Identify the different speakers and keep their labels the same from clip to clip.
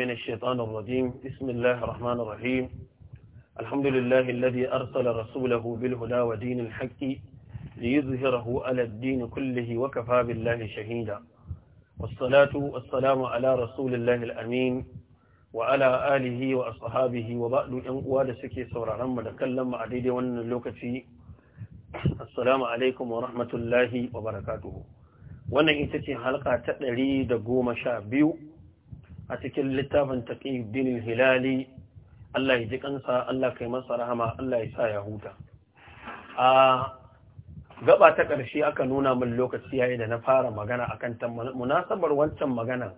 Speaker 1: من الشيطان الرجيم بسم الله الرحمن الرحيم الحمد لله الذي أرسل رسوله بالهدى ودين الحق ليظهره على الدين كله وكفى بالله شهيدا والصلاة والسلام على رسول الله الأمين وعلى آله وأصحابه وبعد أنقوال سكي سورة رمى لكلم عديد ونلوكتي السلام عليكم ورحمة الله وبركاته wannan ita ce halka ta ɗari da goma sha biyu a cikin littafin taqiyuddin hilali Allah ya ji kansa Allah kai masa rahama Allah ya sa ya huta a gaba ta ƙarshe aka nuna min lokaci yayi da na fara magana akan ta munasabar wancan magana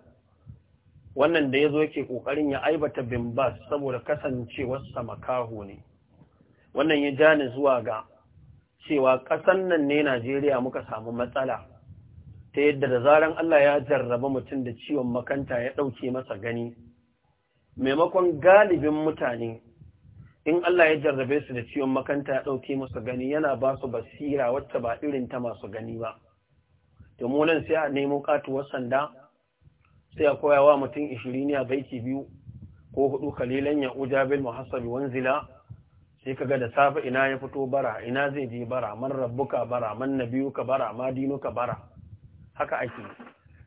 Speaker 1: wannan da ya zo yake ƙoƙarin ya aibata bin bas saboda kasancewar sa makaho ne wannan ya ja zuwa ga cewa ƙasan nan ne Najeriya muka samu matsala ta yadda da zaran Allah ya jarraba mutum da ciwon makanta ya ɗauke masa gani maimakon galibin mutane in Allah ya jarrabe su da ciwon makanta ya ɗauke masa gani yana ba su basira wacce ba irin ta masu gani ba domin nan sai a nemo katuwar sanda sai a koya wa mutum a baiti biyu ko hudu kalilan ya uja bil muhassabi wanzila sai kaga da safe ina ya fito bara ina zai je bara man rabbuka bara man nabiyuka bara ma dinuka bara haka ake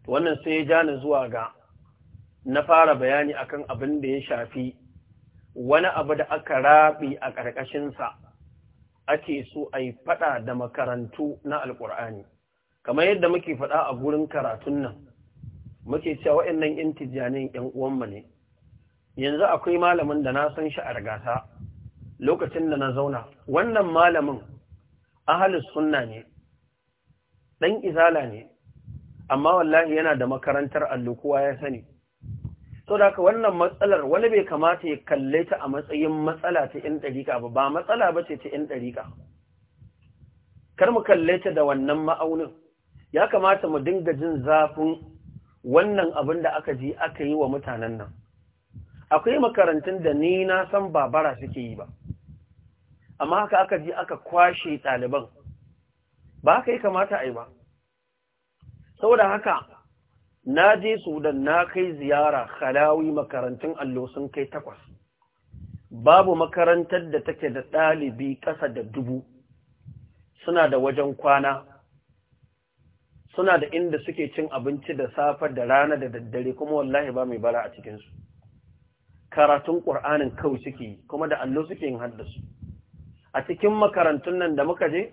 Speaker 1: wannan sai ya jani zuwa ga na fara bayani akan abin da ya shafi wani abu da aka rabi a ƙarƙashinsa ake so a yi faɗa da makarantu na alƙur'ani kamar yadda muke faɗa a gurin karatun nan muke cewa waɗannan ‘yan ƴan uwanmu ne yanzu akwai malamin da na san shi a rigata lokacin da na zauna wannan malamin ahalus sunna ne ɗan izala ne amma wallahi yana da makarantar allo kowa ya sani so da wannan matsalar wani bai kamata ya kalle ta a matsayin matsala ta yan ɗariƙa ba ba matsala ba ce ta yan ɗariƙa kar mu kalle ta da wannan ma'aunin ya kamata mu dinga jin zafin wannan abin da aka ji aka yi wa mutanen nan akwai makarantun da ni na san babara suke yi ba amma haka aka ji aka kwashe ɗaliban ba haka yi kamata a yi ba saboda haka na je sudan na kai ziyara halawi makarantun allo sun kai takwas babu makarantar da take da ɗalibi ƙasa da dubu suna da wajen kwana suna da inda suke cin abinci da safe da rana da daddare kuma wallahi ba mai bara a cikinsu karatun ƙur'anin kawai suke yi kuma da allo suke yin haddasu a cikin makarantun nan da muka je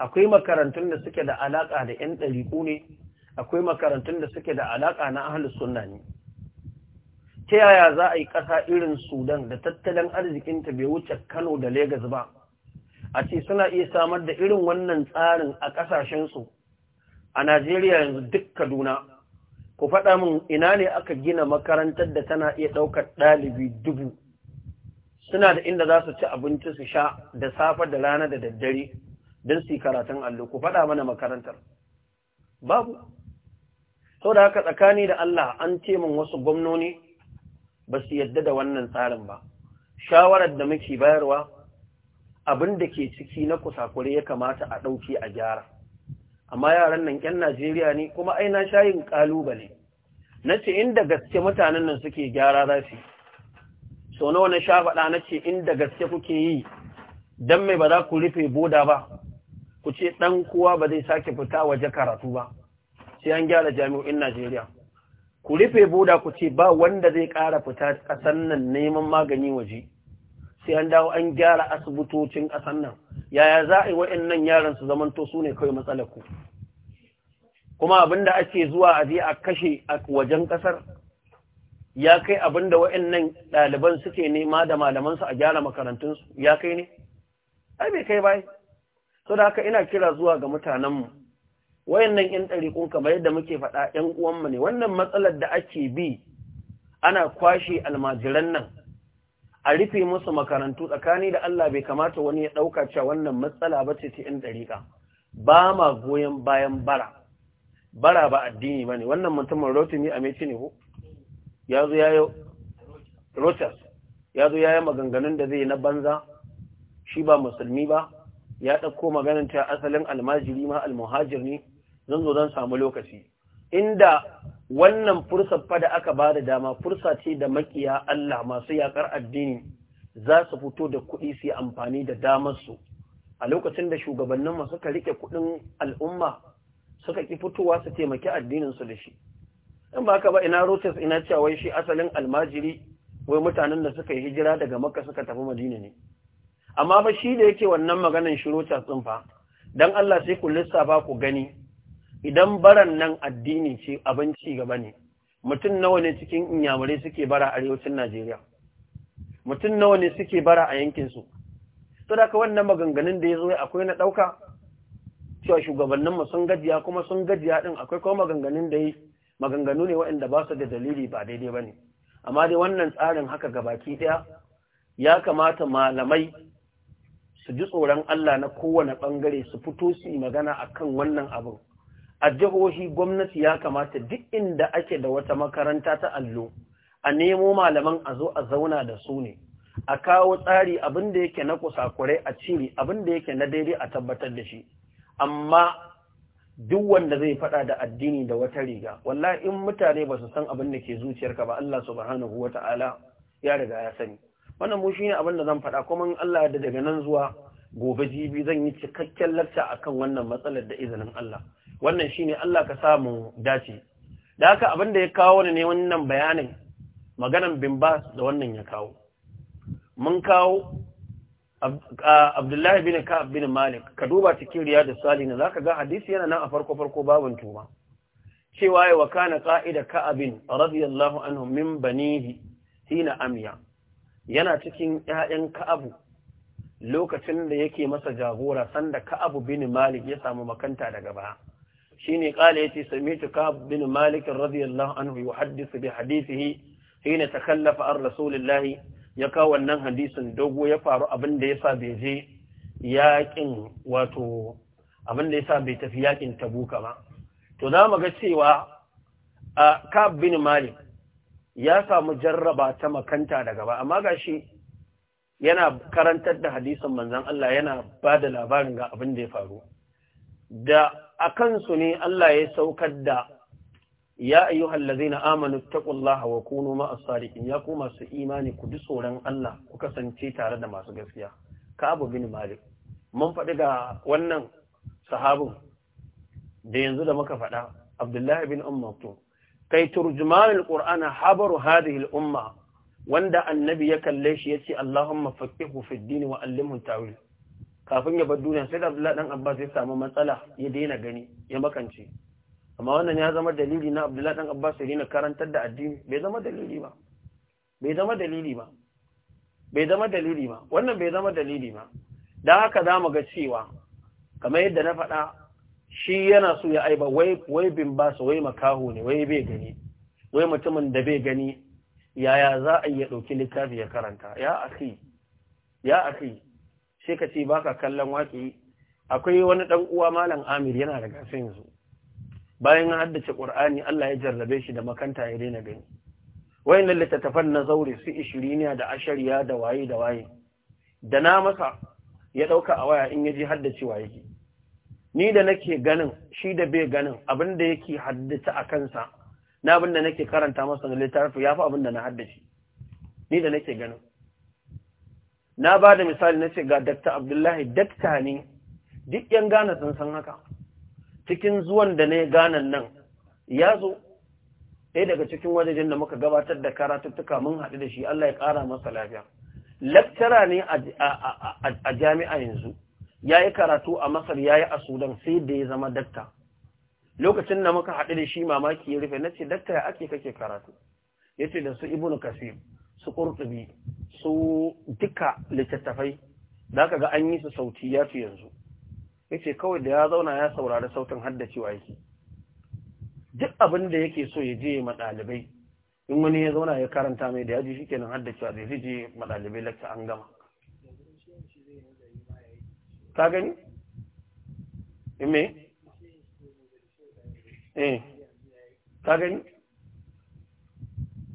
Speaker 1: akwai makarantun da suke da alaƙa da 'yan ɗariƙu ne akwai makarantun da suke da alaƙa na ahalus sunna ne ta yaya za a yi ƙasa irin sudan da tattalin arzikinta bai wuce kano da Legas ba a ce suna iya samar da irin wannan tsarin a ƙasashensu a najeriya yanzu duk kaduna ku faɗa min ina ne aka gina makarantar da tana iya ɗaukar ɗalibi dubu suna da inda za su ci abinci su sha da safe da rana da daddare don su yi karatun allo ku faɗa mana makarantar babu sau da haka tsakani da Allah an ce min wasu gwamnoni ba su yadda da wannan tsarin ba shawarar da muke bayarwa abin da ke ciki na kusakure ya kamata a ɗauki a gyara amma yaran nan ƙyan Najeriya ne kuma aina shayin ƙalubale na ce inda gaske mutanen nan suke gyara za su so nawa na sha faɗa na ce inda gaske kuke yi don mai ba za ku rufe boda ba ku ce ɗan kowa ba zai sake fita waje karatu ba sai an gyara jami'o'in Najeriya ku rufe boda ku ce ba wanda zai ƙara fita ƙasan nan neman magani waje sai an dawo an gyara asibitocin ƙasar nan yaya za a yi wa'annan yaran su zamanto su ne kawai matsalar ku kuma abinda ake zuwa a je a kashe a wajen ƙasar ya kai abin abinda wa'annan ɗaliban suke nema da malamansu a gyara makarantunsu ya kai ne ai bai kai bai so da haka ina kira zuwa ga mutanenmu wayannan yan ɗariƙun kamar yadda muke faɗa ‘yan uwanmu ne wannan matsalar da ake bi ana kwashe almajiran nan a rufe musu makarantu tsakani da Allah bai kamata wani ya ɗauka cewa wannan matsala ba ce ta ‘yan ɗariƙa ba ma goyon bayan bara bara ba addini ba ne wannan mutumin ne a meci ne ko ya zo ya yi rotas ya zo ya yi maganganun da zai na banza shi ba musulmi ba ya ɗauko maganin ta asalin almajiri ma almuhajir ne zan zo zan samu lokaci inda wannan fursar fa da aka da dama fursa ce da makiya Allah masu yaƙar addini za su fito da kuɗi su yi amfani da damarsu a lokacin da shugabannin masu suka rike kuɗin al'umma suka ki fitowa su taimaki addinin su da shi in ba ka ba ina rotas ina cewa wai shi asalin almajiri wai mutanen da suka yi hijira daga makka suka tafi madina ne amma ba shi da yake wannan maganan shi rotas din fa dan Allah sai ku lissafa ku gani idan baran nan addini ce abin ci gaba ne mutum nawa ne cikin inyamurai suke bara a arewacin Najeriya mutum nawa ne suke bara a yankinsu? su to da wannan maganganun da yazo akwai na ɗauka? cewa shugabannin mu sun gajiya kuma sun gajiya din akwai kuma maganganun da yi maganganu ne waɗanda ba su da dalili ba daidai ba ne. amma dai wannan tsarin haka gabaki ɗaya, ya kamata malamai su ji tsoron Allah na kowane bangare su fito su yi magana akan wannan abin a jihohi gwamnati ya kamata duk inda ake da wata makaranta ta allo a nemo malaman a zo a zauna da su ne a kawo tsari abin da yake na kusakure a cire abin da yake na daidai a tabbatar da shi amma duk wanda zai faɗa da addini da wata riga wallahi in mutane ba su san abin da ke zuciyarka ba Allah subhanahu wata'ala ya riga ya sani wannan mu shine abin da zan faɗa kuma in Allah da daga nan zuwa gobe jibi zan yi cikakken lacca akan wannan matsalar da izinin Allah wannan shine Allah ka samu dace da haka abin da ya kawo ne wannan bayanin maganan bin da wannan ya kawo mun kawo Abdullahi bin Ka'ab bin Malik ka duba cikin Riyadu Salihin zaka ga hadisi yana nan a farko farko babun tuma cewa ya wakana qa'ida Ka'abin, radiyallahu anhu min banihi hina amiya yana cikin 'ya'yan Ka'abu lokacin da yake masa jagora sanda Ka'abu bin Malik ya samu makanta daga baya shine kala yace sami'tu kab bin malik radiyallahu anhu yuhaddithu bi hadithihi hina takallafa an rasulillah ya kawo wannan hadisin dogo ya faru abin da yasa bai je yakin wato abin da yasa bai tafi yakin tabuka ba to za mu ga cewa a kab bin malik ya samu jarraba ta makanta daga ba amma gashi yana karantar da hadisin manzon Allah yana ba da labarin ga abin da ya faru da a kansu ne Allah ya saukar da ya ayyuhal na amanu taqullaha wa kuno ma'as sadiqin ya ku su imani ku ji tsoron Allah ku kasance tare da masu gaskiya abu bin Malik mun faɗi ga wannan sahabin da yanzu da muka faɗa Abdullahi bin Ummu kai turjumanul Qur'ana habaru hadhihi al-umma wanda annabi ya kalle shi yace Allahumma faqihu fid din wa allimhu tawil kafin ya bar duniya sai da Abdullahi dan Abbas ya samu matsala ya daina gani ya makance amma wannan ya zama dalili na Abdullahi dan Abbas ya daina karantar da addini bai zama dalili ba bai zama dalili ba bai zama dalili ba wannan bai zama dalili ba dan haka zamu ga cewa kamar yadda na faɗa shi yana so ya aiba wai wai bin ba su wai makaho ne wai bai gani wai mutumin da bai gani yaya za a yi ya ɗauki littafi ya karanta ya akhi ya akhi sai ka ce baka kallon waƙi akwai wani ɗan uwa malam amir yana da gasa yanzu bayan ya haddace ƙur'ani Allah ya jarrabe shi da makanta ya daina gani wayannan littattafan na zaure su ishiriniya da ashariya da waye da waye da na masa ya ɗauka a waya in ya je haddacewa yake ni da nake ganin shi da bai ganin abin da yake haddace a kansa na abin da nake karanta masa na littafi ya fi abin da na haddace ni da nake ganin na ba da misali na ce ga dakta abdullahi dakta ne duk yan gana sun san haka cikin zuwan da na yi ganan nan ya zo ɗaya daga cikin wajajen da muka gabatar da karatuttuka mun haɗu da shi Allah ya ƙara masa lafiya laktara ne a jami'a yanzu ya yi karatu a masar ya yi a sudan sai da ya zama dakta lokacin da muka haɗu da shi mamaki ya rufe na ce dakta ya ake kake karatu ya ce da su ibnu kasir su ƙurtubi su duka littattafai da aka ga an yi su sauti ya fi yanzu ya ce kawai da ya zauna ya saurari sautin haddacewa yake duk abin da yake so ya je ma ɗalibai in wani ya zauna ya karanta mai da ya ji shi haddacewa zai je ma ɗalibai lakta an gama ka gani? Eh me? eh ka gani?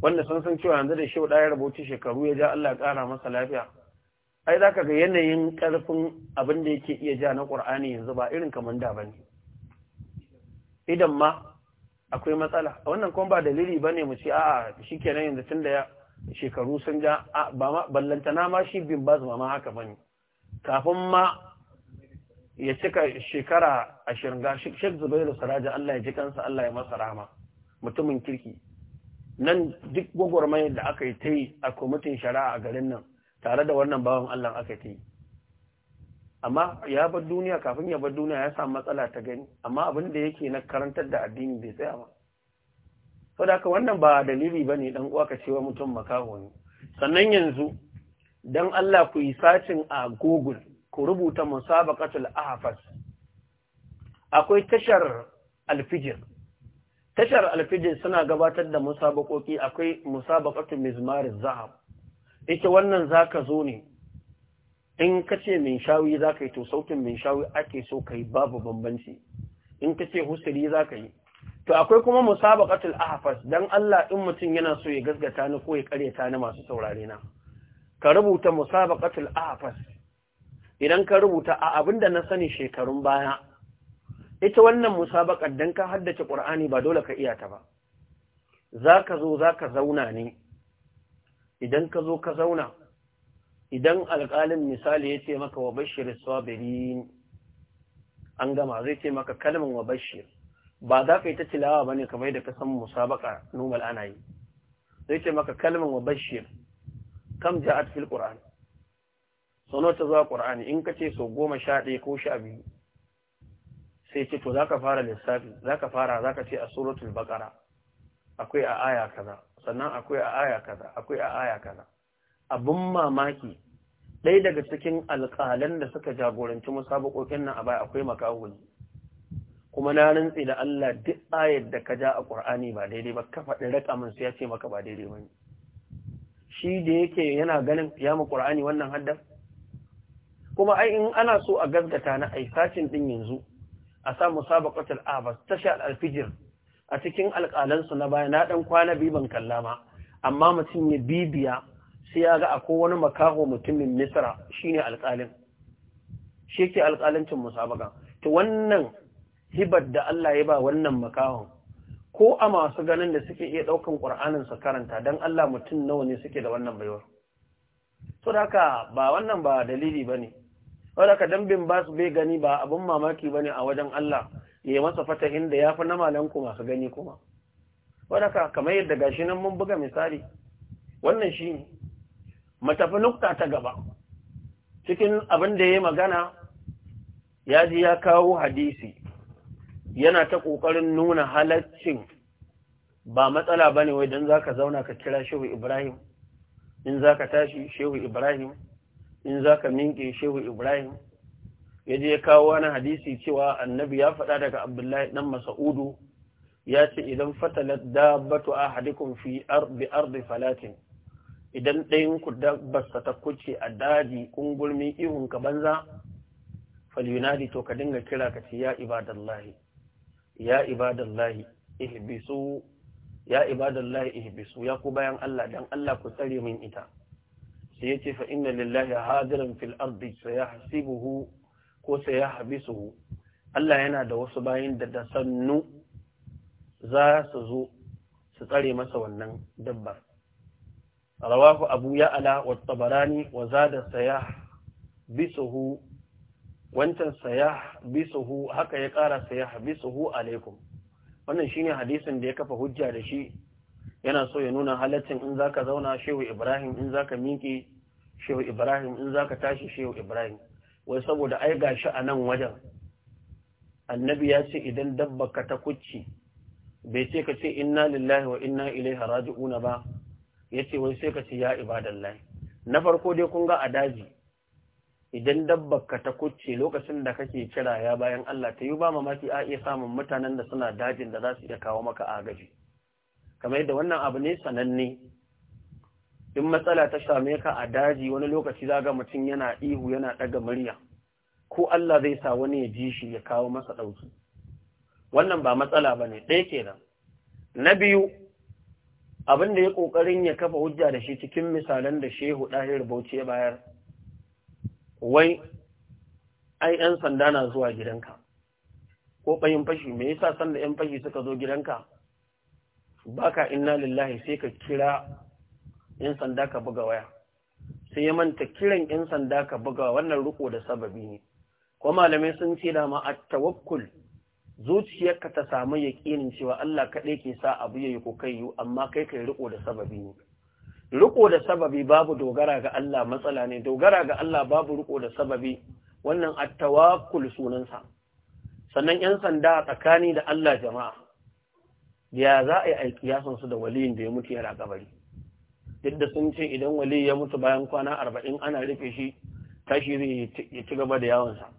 Speaker 1: wanda sun san cewa yanzu da shi ɗaya rubuci shekaru ya ja Allah ya ƙara masa lafiya ai zaka ga yanayin ƙarfin abin da yake iya ja na ƙur'ani yanzu ba irin kamar da ba ne idan ma akwai matsala wannan kuma ba dalili ba ne mu ce a'a shi kenan yanzu tun da shekaru sun ja ba ballantana ma shi bin ba ma haka ba kafin ma ya cika shekara ashirin ga shek zubairu saraja Allah ya ji kansa Allah ya masa rahama mutumin kirki nan duk gwagwarmayar da aka yi ta yi a kwamitin shari'a a garin nan tare da wannan bawan Allah aka ta yi amma ya bar duniya kafin ya bar duniya ya samu matsala ta gani amma abin da yake na karantar da addini bai tsaya ba sau da wannan ba dalili ba ne ɗan uwa ka cewa mutum makaho ne sannan yanzu don Allah ku yi sacin a google ku rubuta musabaqatul ahfas akwai tashar alfijir tashar alfijin suna gabatar da musabakoki akwai musabakatu mizmar zahab ita wannan zaka zo ne in kace min shawi ka yi to sautin min shawi ake so kai babu bambanci in kace za ka yi to akwai kuma musabakatu ahfas dan Allah in mutum yana so ya gaskata ni ko ya karyata ni masu saurare na ka rubuta musabakatu ahfas idan ka rubuta a abinda na sani shekarun baya ita wannan musabaƙar dan ka haddace ƙur'ani ba dole ka iya ta ba Za ka zo za ka zauna ne idan ka zo ka zauna idan alƙalin misali ya ce maka wa bashir sabirin an gama zai ce maka kalmin wa bashir ba za ka yi ta tilawa ba ne kamar da ka san musabaka numal ana yi zai ce maka kalmin wa bashir kam ja'at fil qur'an Sanota zuwa ƙur'ani in ka ce so goma sha ɗaya ko sha biyu sai ce to zaka fara lissafi zaka fara zaka ce a suratul baqara akwai a aya kaza sannan akwai a aya kaza akwai a aya kaza abun mamaki ɗaya daga cikin alƙalan da suka jagoranci musabakokin nan a baya akwai makahuli kuma na rantsi da Allah duk ayar da ka ja a Qur'ani ba daidai ba ka faɗi min sai ya ce maka ba daidai ba shi da yake yana ganin ya mu Qur'ani wannan haddar kuma ai in ana so a gaskata na ai sacin din yanzu a sa musabaqatul abas tasha sha alfijir a cikin alƙalansu na baya na ɗan kwana biyu ban kalla ma amma mutum ya bibiya sai ya ga akwai wani makaho mutumin Misra shine alƙalin shi yake alƙalancin musabaqa to wannan hibar da Allah ya ba wannan makahon ko a masu ganin da suke iya ɗaukan ƙur'anin su karanta don Allah mutum nawa ne suke da wannan baiwar. So da haka ba wannan ba dalili ba ne, Wadaka dambin ba su bai gani ba abin mamaki ba ne a wajen Allah ya masa fata inda ya fi na malanku masu gani kuma Wadaka kamar yadda gashi nan mun buga misali wannan shi ne matafi nukta ta gaba cikin abin da ya yi magana ya ji ya kawo hadisi yana ta ƙoƙarin nuna halaccin ba matsala ba ne wai don za ka zauna ka kira shehu ibrahim in za ka tashi shehu ibrahim in za ka minke shehu ibrahim ya je ya kawo wani hadisi cewa annabi ya faɗa daga abdullahi ɗan masa'udu ya ce idan fatalar dabbatu ahadikum fi bi ardi falatin idan ɗayan ku dabbarsa ta kuce a daji kungulmi ihun ka banza falunadi to ka dinga kira ka ce ya ibadallahi ya ibadallahi ihbisu ya ibadallahi ihbisu ya ku bayan Allah dan Allah ku tsare min ita sai ya ce fa inna lillahi hadiran fil ardi sayahsibuhu ko sayahbisuhu Allah yana da wasu bayan da da sannu za su zo su tsare masa wannan dabbar rawahu abu ya'ala wa tabarani wa zada sayahbisuhu wancan bisuhu haka ya kara bisuhu alaikum wannan shine hadisin da ya kafa hujja da shi yana so ya nuna halaccin in zaka zauna shehu ibrahim in zaka miƙe shehu ibrahim in zaka tashi shehu ibrahim wai saboda ai gashi a nan wajen annabi ya ce idan dabba ka ta kucci bai ce ka ce inna lillahi wa inna ilaihi raji'una ba ce wai sai ka ce ya ibadallahi na farko dai kun ga a daji idan ka ta kucce lokacin da kake kira ya bayan Allah ta yi ba mamaki a iya samun mutanen da suna dajin da za su iya kawo maka agaji kamar yadda wannan abu ne sananne in matsala ta same ka a daji wani lokaci za ga mutum yana ihu yana ɗaga murya ko Allah zai sa wani ya ji shi ya kawo masa ɗauki? wannan ba matsala ba ne, ɗaya ke kenan na biyu abin da ya ƙoƙarin ya kafa hujja da shi cikin misalan da Shehu ɗahir Bauchi ya bayar wai ai ‘yan sanda na zuwa gidanka, ko ɓayin fashi, me yasa sanda ‘yan fashi suka zo gidanka, baka inna lillahi sai ka kira yan sanda ka buga waya sai ya manta kiran yan sanda ka buga wannan riko da sababi ne ko malamai sun ce da ma at-tawakkul zuciyarka ta samu yaqinin cewa Allah kadai ke sa abu yayi ko kai yu amma kai kai riko da sababi ne riko da sababi babu dogara ga Allah matsala ne dogara ga Allah babu riko da sababi wannan at-tawakkul sunansa sannan ‘yan sanda a tsakani da Allah jama'a, ya za a yi alkiyasan su da waliyin da ya mutu yana kabari duk da sun ce idan wali ya mutu bayan kwana arba'in ana rufe shi tashi zai ya ci gaba da yawonsa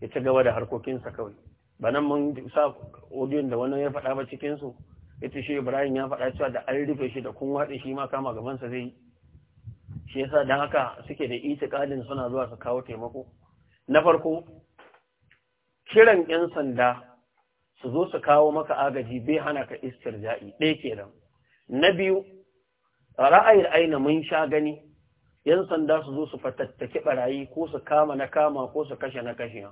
Speaker 1: ya ci gaba da harkokinsa kawai ba nan mun sa odiyon da wani ya faɗa ba cikinsu ita shi ibrahim ya faɗa cewa da an rufe shi da kun waɗe shi ma kama gabansa zai yi shi yasa don haka suke da itikadin suna zuwa su kawo taimako na farko kiran 'yan sanda su zo su kawo maka agaji bai hana ka iskar ja'i. ɗaya kenan na biyu ra'ayin aina mun sha gani yan sanda su zo su fatattaki barayi ko su kama na kama ko su kashe na kashe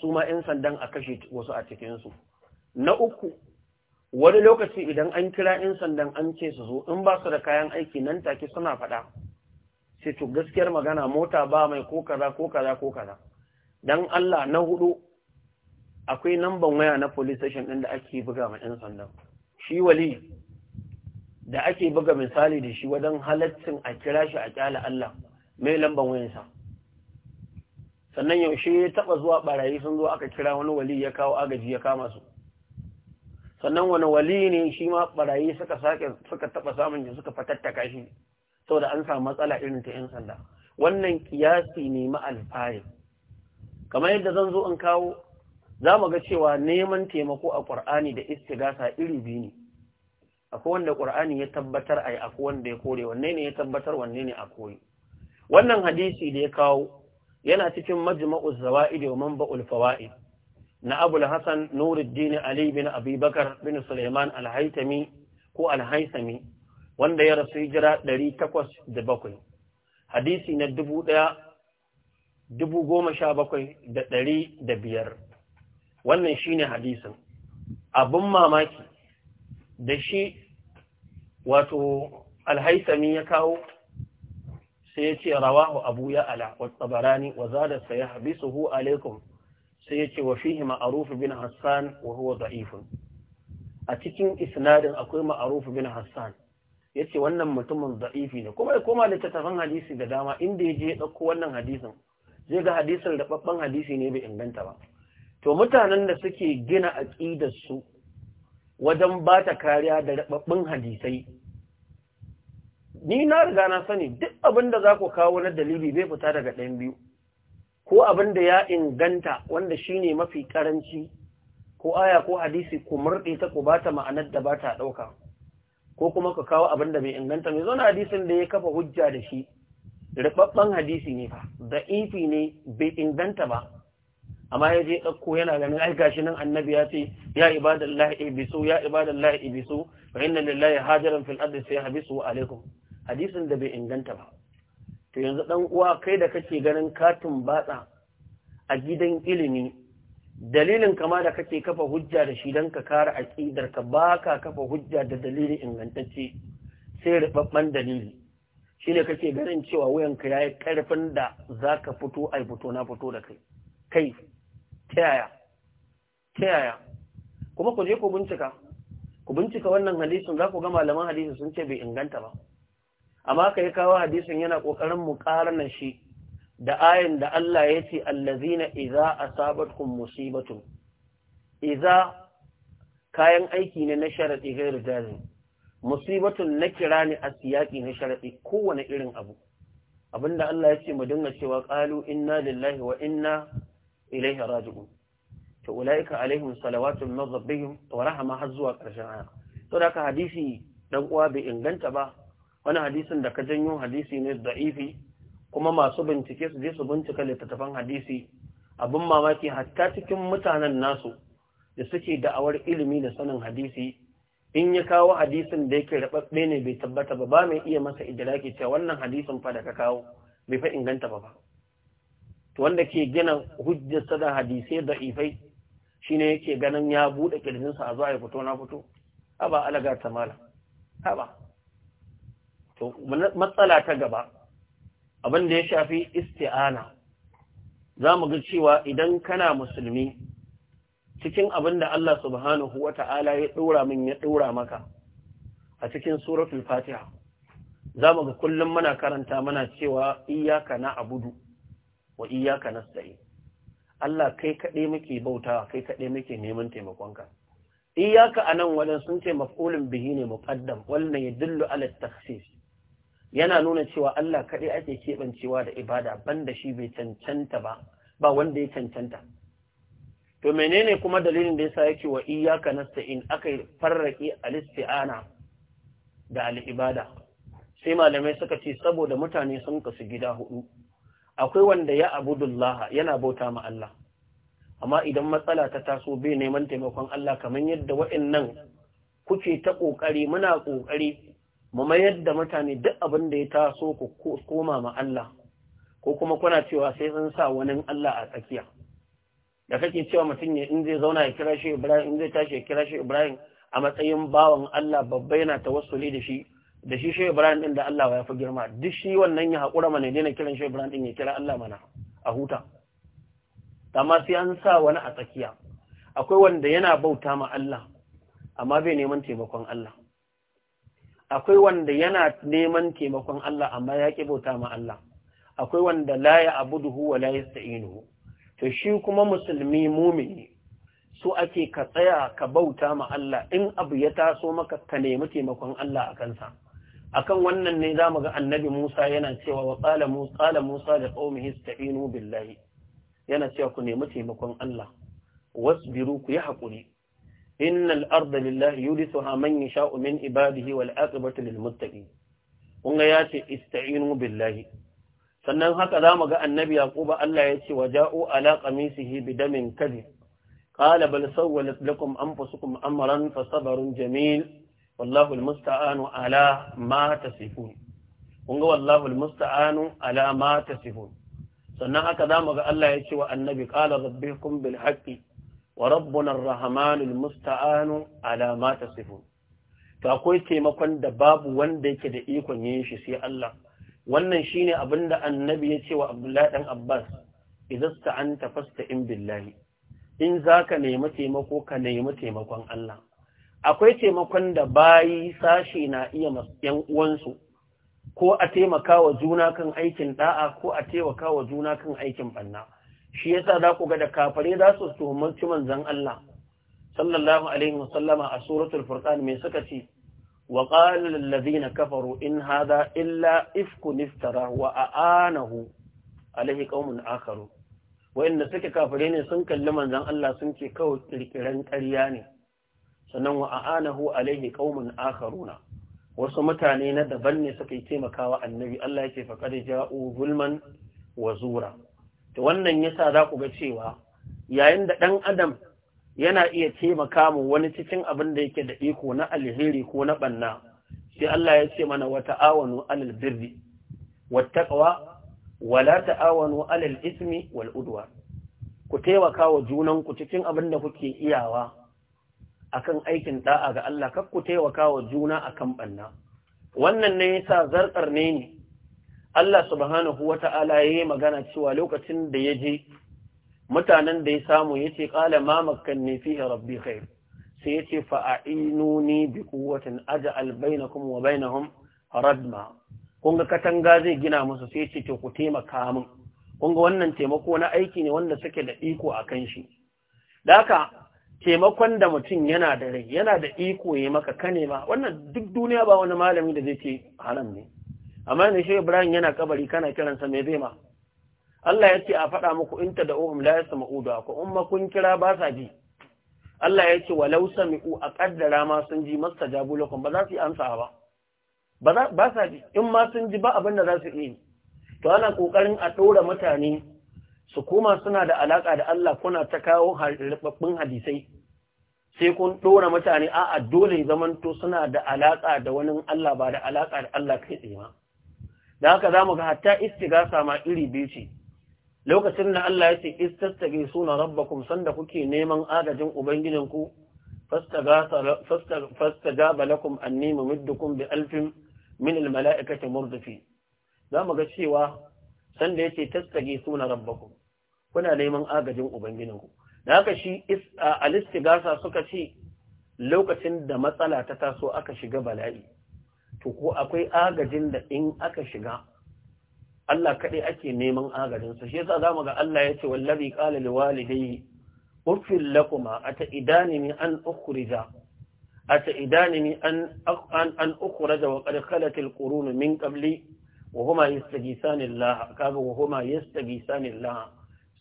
Speaker 1: su ma yan sandan a kashe wasu a cikinsu na uku wani lokaci idan an kira yan sandan an ce su zo in ba su da kayan aiki nan take suna faɗa sai to gaskiyar magana mota ba mai ko kaza ko kaza ko kaza dan Allah na huɗu. akwai namban waya na police station ɗin da ake buga ma 'yan sandan shi wali da ake buga misali da shi wajen halaccin a kira shi a kyala Allah mai lamban wayansa sannan yaushe ya taɓa zuwa barayi sun zo aka kira wani wali ya kawo agaji ya kama su sannan wani wali ne shi ma ɓarayi suka sake suka taɓa samun shi suka fatattaka shi saboda an samu matsala irin ta 'yan sanda wannan kiyasi ne ma'alfari kamar yadda zan zo in kawo za mu ga cewa neman taimako a ƙur'ani da istigasa iri biyu ne akwai wanda ƙur'ani ya tabbatar a yi akwai wanda ya kore wanne ne ya tabbatar wanne ne a kore wannan hadisi da ya kawo yana cikin majma'u da wa ba'ul fawa'i na abul hasan nuruddin ali bin abi bakar bin suleiman alhaitami ko al wanda ya rasu hijira bakwai. hadisi na dubu dubu goma sha ɗaya bakwai da ɗari da biyar. wannan shine hadisin abin mamaki da shi wato alhaisami ya kawo sai ya ce rawahu abu ya ala wa tsabarani wa zada sai ya habisu hu alaikum sai ya ce wa fihi ma'aruf bin hassan wa huwa da'ifun a cikin isnadin akwai ma'aruf bin hassan ya ce wannan mutumin da'ifi ne kuma ya koma littattafan hadisi da dama inda ya je ya ɗauko wannan hadisin zai ga hadisin da babban hadisi ne bai inganta ba to mutanen da suke gina su wajen ba ta kariya da rababbin hadisai ni na riga na sani duk abin da za ku kawo na dalili bai fita daga ɗan biyu ko abin da ya inganta wanda shine mafi karanci ko aya ko hadisi ku murɗe ta ku bata ma'anar da ba ta ɗauka ko kuma ka kawo abin da bai inganta mai zona hadisin da ya kafa hujja da shi rubabban hadisi ne fa da ifi ne bai inganta ba amma ya je ɗauko yana ganin ai gashi nan annabi ya ce ya ibadallahi ibisu ya ibadallahi ibisu wa inna lillahi hajaran fil ardi alaikum hadisin da bai inganta ba to yanzu dan uwa kai da kake ganin katin batsa a gidan ilimi dalilin kama da kake kafa hujja da shi dan ka kare aqidar ka baka kafa hujja da dalili ingantacce sai rubabban dalili shine kake ganin cewa wayanka yayi karfin da zaka fito ai fito na fito da kai kai ta yaya ta yaya kuma ku je ku bincika ku bincika wannan hadisin za ku ga malaman hadisi sun ce bai inganta ba amma ka yi kawo hadisin yana ƙoƙarin mu ƙarana shi da ayin da Allah ya ce allazina idza asabatkum musibatun idza kayan aiki ne na sharadi ga rijali musibatun na kira ne a siyaki na sharadi kowane irin abu abinda Allah ya ce mu dinga cewa qalu inna lillahi wa inna ilaihi raji'un to ulaika alaihim salawatun min rabbihim wa rahama har zuwa ƙarshen aya to da ka hadisi dan uwa bai inganta ba wani hadisin da ka janyo hadisi ne da'ifi kuma masu bincike su je su bincika littattafan hadisi abin mamaki hatta cikin mutanen nasu da suke da'awar ilimi da sanin hadisi in ya kawo hadisin da yake rababbe ne bai tabbata ba ba mai iya masa idraki cewa wannan hadisin fa da ka kawo bai fa inganta ba ba to wanda ke gina hujjarsa da hadisai da ifai shine yake ganin ya buɗe kirjinsa a zuwa ya fito na fito haba alaga ta mala haba to matsala ta gaba abin da ya shafi isti'ana za mu ga cewa idan kana musulmi cikin abin da Allah subhanahu wa ta'ala ya ɗora min ya ɗora maka a cikin suratul fatiha za mu ga kullum muna karanta muna cewa iyaka na abudu wa iyyaka nasta'in Allah kai kaɗai muke bautawa kai kaɗai muke neman taimakonka iyyaka anan wadan sun ce maf'ulun bihi ne muqaddam wannan yadullu ala takhsis yana nuna cewa Allah kaɗai ake kebancewa da ibada banda shi bai cancanta ba ba wanda ya cancanta to menene kuma dalilin da yasa yake wa iyyaka nasta'in akai farraki al-isti'ana da al-ibada sai malamai suka ce saboda mutane sun kasu gida hudu akwai wanda ya abudullah yana bauta ma Allah amma idan matsala ta taso bai neman taimakon Allah kamar yadda wa'annan kuke ta kokari muna kokari mu mayar da mutane duk abin da ya taso ku koma ma Allah ko kuma kuna cewa sai sun sa wani Allah a tsakiya da kake cewa mutum ne in zai zauna ya kira shi Ibrahim in zai tashi ya kira shi Ibrahim a matsayin bawan Allah babba yana tawassuli da shi da shi shehu ibrahim din da Allah ya fi girma duk shi wannan ya haƙura mana ne na kiran shehu ibrahim din ya kira Allah mana a huta amma sai an sa wani a tsakiya akwai wanda yana bauta ma Allah amma bai neman taimakon Allah akwai wanda yana neman taimakon Allah amma ya ki bauta ma Allah akwai wanda la ya abuduhu wa la yasta'inuhu to shi kuma musulmi mumini su ake ka tsaya ka bauta ma Allah in abu ya taso maka ka nemi taimakon Allah a kansa akan wannan ne zamu ga annabi Musa yana cewa wa qala Musa qala Musa da qaumihi ista'inu billahi yana cewa ku nemi taimakon Allah wasbiru ku yi hakuri innal arda lillahi yurithuha man yasha'u min ibadihi wal aqibatu lil muttaqin Kunga yace ista'inu billahi sannan haka zamu ga annabi Yaquba Allah ya ce waja'u ala qamisihi bidamin kadhib qala bal sawwalat lakum anfusukum amran fasabrun jamil wallahu almusta'anu ala ma tasifun kun ga wallahu almusta'anu ala ma tasifun sannan haka mu ga Allah ya ce wa annabi qala rabbukum bil haqqi wa rabbuna arrahmanu almusta'anu ala ma tasifun to akwai taimakon da babu wanda yake da ikon yin shi sai Allah wannan shine abinda annabi ya ce wa Abdullahi dan Abbas idan sta'anta fasta'in billahi in zaka nemi taimako ka nemi taimakon Allah akwai taimakon da bayi sashi na iya yan uwansu ko a taimaka wa juna kan aikin da'a ko a taimaka wa juna kan aikin banna shi yasa za ku ga da kafare za su tuhumci manzon Allah sallallahu alaihi wasallama a suratul furqan mai suka ce wa qala allazina kafaru in hadha illa ifkun iftara wa aanahu alaihi qaumun akharu inna suke kafare ne sun kalli manzan Allah sun ce kawai kirkiran ƙarya ne sannan wa a'anahu alaihi kaumin akharuna wasu mutane na daban ne suka yi taimakawa annabi Allah yake faqad ja'u zulman wa zura to wannan yasa za ku ga cewa yayin da ɗan adam yana iya taimaka mu wani cikin abin da yake da iko na alheri ko na banna sai Allah ya ce mana wa ta'awanu alal birri wattaqwa wa la ta'awanu alal ismi wal ku taimaka wa junanku cikin abin da kuke iyawa akan aikin da'a ga Allah kakku taimaka wa juna akan banna wannan ne yasa zarkar ne ne Allah subhanahu wata'ala yayi magana cewa lokacin da ya je mutanen da ya samu yace qala ma makkanni fihi rabbi khair sai yace fa'inuni bi quwwatin aj'al bainakum wa bainahum radma kunga katanga zai gina musu sai yace to ku taimaka min kunga wannan taimako na aiki ne wanda suke da iko akan shi daka taimakon da mutum yana da rai yana da iko ya maka ka nema wannan duk duniya ba wani malami da zai ce haram ne amma ne shi Ibrahim yana kabari kana kiransa me zai ma Allah ya ce a faɗa muku in da da'uhum la yasma'u ku umma kun kira ba sa ji Allah ya ce walau sami'u a qaddara ma sun ji mastajabu lakum ba za su yi amsa ba ba sa ji in ma sun ji ba abin da za su yi to ana kokarin a ɗora mutane su koma suna da alaƙa da Allah kuna ta kawo rababbin hadisai sai kun ɗora mutane a'a dole zamanto suna da alaƙa da wani Allah ba da alaƙa da Allah kai tsaye ma da haka zamu ga hatta istigasa ma iri biyu ce lokacin da Allah ya ce istastage suna rabbakum sanda kuke neman agajin ku fastajaba lakum annima muddukum bi alfin min mala'ikati murdifi zamu ga cewa sanda yace tastage suna rabbakum kuna neman agajin ubangijinku da haka shi al-istighatha suka ce lokacin da matsala ta taso aka shiga bala'i to ko akwai agajin da in aka shiga Allah kaɗai ake neman agajinsa shi yasa zamu ga Allah ya ce wallazi qala liwalidayhi uffil lakuma ata'idanini an ukhrija ata'idanini an an ukhrija wa qad khalat min qabli wa huma yastaghithanillah kaga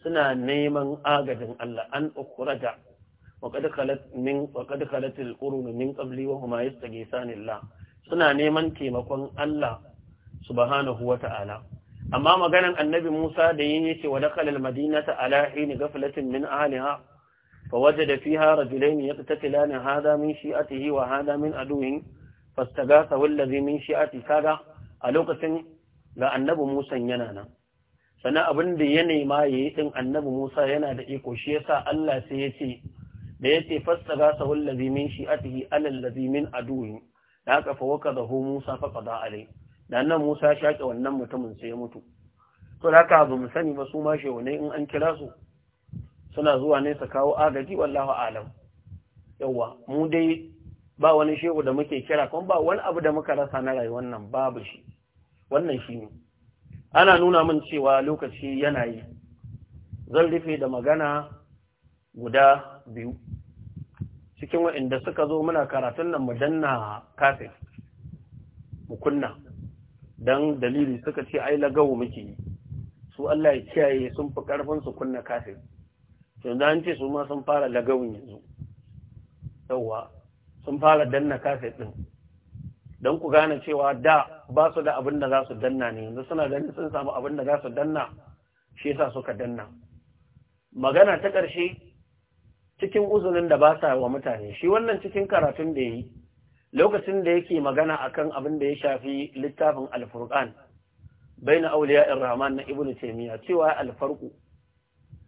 Speaker 1: suna neman agajin Allah an ukhraja wa qad khalat min wa khalat alqurun min qabli suna neman taimakon Allah subhanahu wa ta'ala amma maganan annabi Musa da yin yace wa dakhala almadinata ala hin ghaflatin min ahliha فوجد فيها رجلين يقتتلان هذا من شيئته وهذا من عدوه فاستغاثه الذي من شيئته كذا a lokacin ga annabi Musa yana nan sannan abin da ya nema ya yi ɗin annabi Musa yana da iko shi yasa Allah sai ya ce da ya ce fassara sahul ladhi min shi'atihi alal ladhi min aduwi da aka fa waka da hu Musa fa qada alai da nan Musa ya shaƙe wannan mutumin sai ya mutu to da haka ba mu sani ba su ma shewane in an kira su suna zuwa ne su kawo agaji wallahu alam yawa mu dai ba wani shehu da muke kira kuma ba wani abu da muka rasa na rayuwar nan babu shi wannan shi ne ana nuna min cewa lokaci yana yi zan rufe da magana guda biyu cikin waɗanda suka zo muna karatun nan mu danna kafin mukunna kunna don dalili suka ce ai lagawo muke yi su Allah ya kiyaye sun fi ƙarfin su kunna kafin sun an ce su ma sun fara lagawin yanzu yauwa sun fara danna kafin ɗin don ku gane cewa da ba su da abin da za su danna ne yanzu suna ganin sun samu abin da za su danna shi yasa suka danna magana ta ƙarshe cikin uzunin da ba sa wa mutane shi wannan cikin karatun da yi lokacin da yake magana akan abin da ya shafi littafin alfurqan baina auliya rahman na ibnu taymiya cewa alfarqu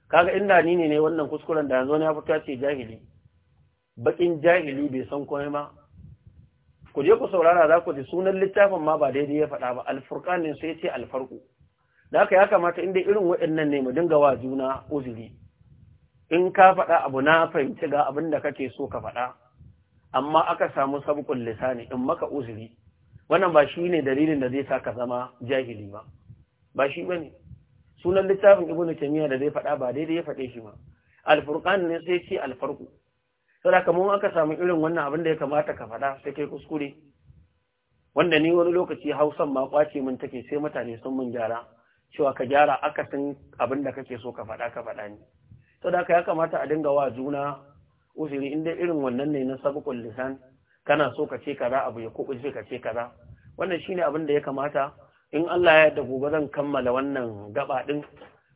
Speaker 1: kaga inda ni ne wannan kuskuren da yanzu na fita ce jahili bakin jahili bai san komai ma ku je ku saurara za ku ji sunan littafin ma ba daidai ya faɗa ba Alfurkan ne sai ce alfarku. da haka ya kamata inda irin waɗannan ne mu dinga wa juna uzuri in ka faɗa abu na fahimci ga abin da kake so ka faɗa amma aka samu sabqul lisani in maka uzuri wannan ba shi ne dalilin da zai sa ka zama jahili ba ba shi ne sunan littafin ibnu taymiya da zai faɗa ba daidai ya faɗe shi ba Alfurkan ne sai ce alfarku. saboda da aka samu irin wannan abin da ya kamata ka faɗa sai kai kuskure wanda ni wani lokaci hausan ma kwace min take sai mutane sun mun gyara cewa ka gyara akasin abin da kake so ka faɗa ka faɗa ni saboda da ya kamata a dinga wa juna usiri inda irin wannan ne na sabukun lisan kana so ka ce kaza abu ya kubu sai ka ce kaza wannan shine abin da ya kamata in Allah ya yarda gobe zan kammala wannan gaba din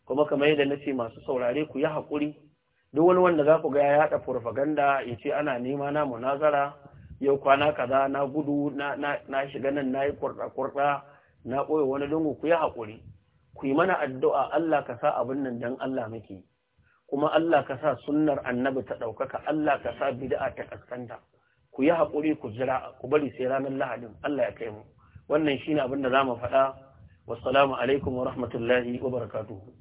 Speaker 1: kuma kamar yadda nace masu saurare ku yi haƙuri duk wani wanda za ku ga ya yaɗa farfaganda ya ce ana nema na munazara yau kwana kaza na gudu na shiga nan na yi kurɗa-kurɗa na ɓoye wani dungu. ku yi haƙuri ku yi mana addu'a Allah ka sa abin nan don Allah muke kuma Allah ka sa sunnar annabi ta ɗaukaka Allah ka sa bid'a ta kaskanta ku yi haƙuri ku jira ku bari sai ranar lahadin Allah ya kai mu wannan shine abin da za mu faɗa wassalamu alaikum wa rahmatullahi wa barakatuhu